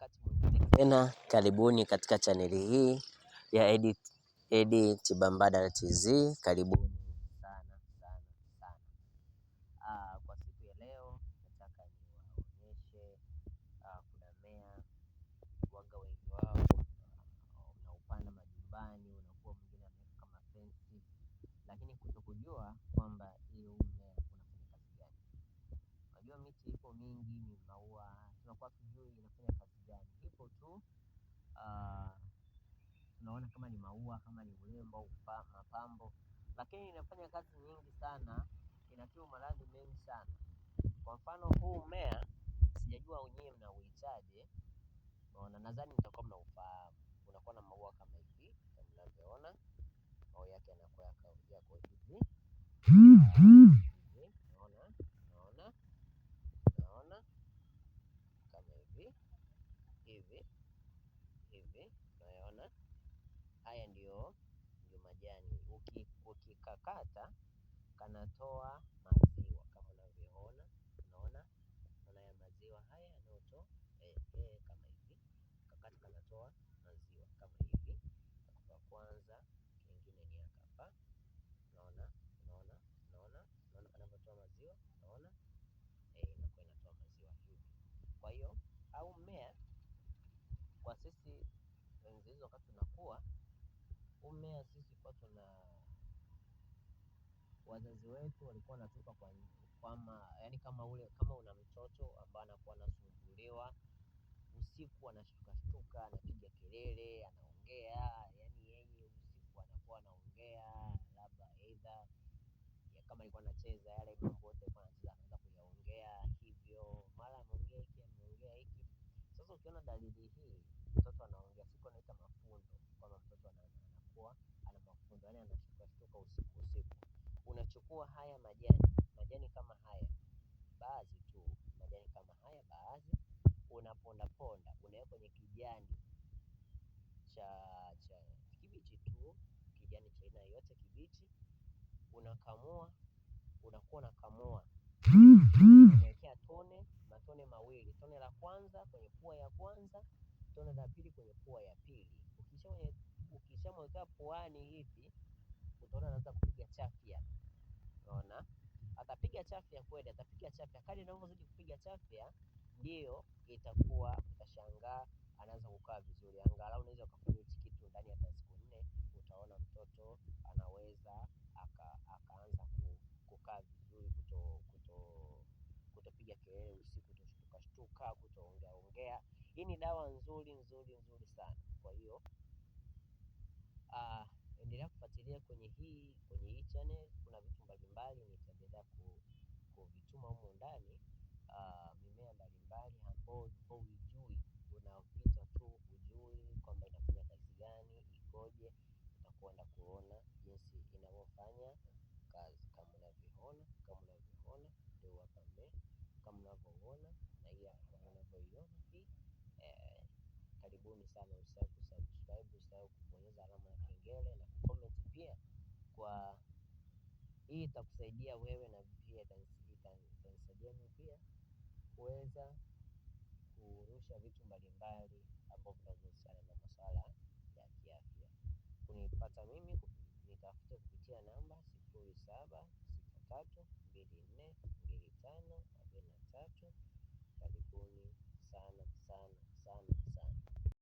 wakati mwingine tena, karibuni katika chaneli hii ya Edi, Edi Tibambada TZ. Karibuni sana sana sana. Aa, ah, kwa siku ya leo nataka niwaonyeshe ah, kuna mmea waga wengi wao unaupanda majumbani, unakuwa mwingine ameweka kama fensi, lakini kutokujua kwamba hiyo mmea unafanya kazi gani. Unajua miti ipo mingi, ni maua tunakuwa unaona kama ni maua, kama ni urembo au mapambo, lakini inafanya kazi nyingi sana, inatibu maradhi mengi sana. Kwa mfano huu mmea sijajua nyinyi mnauitaje, naona nadhani mtakuwa mnaufahamu. Unakuwa na maua kama hivi kama mnavyoona, maua yake yanakuwa yako hivi hivi hivi, unayaona haya ndio majani. Ukikakata kanatoa maziwa kama unavyoona, unaona haya maziwa haya yanayotoa e, e, kama hivi, kakata kanatoa maziwa kama hivi, ya kwanza ingine ni hapa, unaona unaona unaona unaona kanavyotoa maziwa, unaona eh, inakuwa inatoa maziwa hivi. Kwa hiyo au mmea kwa sisi enzi hizo wakati tunakuwa Umea sisi kwa tuna wazazi wetu walikuwa wanatupa kwa kwama yani kama ule kama una mtoto ambaye anakuwa anasumbuliwa usiku anashtuka shtuka anapiga kelele anaongea yani yeye usiku anakuwa anaongea labda aidha ya kama alikuwa anacheza yale mambo yote alikuwa anacheza anaanza kuyaongea hivyo mara ameongea hiki ameongea hiki sasa ukiona dalili hii mtoto anaongea siku anaita mafundo kwamba mtoto ana kuwa ana mafunzo, yaani anashtuka usiku usiku. Unachukua haya majani, majani kama haya, baadhi tu, majani kama haya baadhi, unaponda ponda, unaweka kwenye kijani cha cha kibichi tu, kijani cha aina yoyote kibichi, unakamua, unakuwa unakamua unawekea tone, matone mawili, tone la kwanza kwenye pua ya kwanza, tone la pili kwenye pua ya pili. Ukisha ukishamwekea puani hivi utaona anaanza kupiga chafya. Unaona? Atapiga chafya kweli, atapiga chafya. Kadri anavyozidi kupiga chafya ndiyo itakuwa utashangaa anaanza kukaa vizuri. Angalau unaweza kufanya hichi kitu ndani ya siku nne, utaona mtoto anaweza aka, akaanza kukaa vizuri, kuto kuto kutopiga kelele usiku, kutoshtuka shtuka, kutoongea ongea. Hii ni dawa nzuri nzuri nzuri sana. Kwa hiyo Uh, endelea kufuatilia kwenye hii kwenye hii channel, kuna vitu mbalimbali nitaendelea kuvituma humo ndani uh, mimea mbalimbali ambao ulikuwa huijui, unaopita tu ujui kwamba inafanya kazi gani, ikoje, utakwenda kuona jinsi inavyofanya kazi kama unavyoona, kama unavyoona ndio hapa mbele, kama unavyoona na hii kama unavyoiona hii. Eh, karibuni sana usahau usisahau kubonyeza alama ya kengele na kucomment pia, kwa hii itakusaidia wewe na pia itanisaidia mimi pia kuweza kurusha vitu mbalimbali ambao vinahusiana na masuala ya kiafya. Kunipata mimi nitafute kupitia namba sifuri saba sita tatu mbili nne mbili tano arobaini na tatu. Karibuni sana.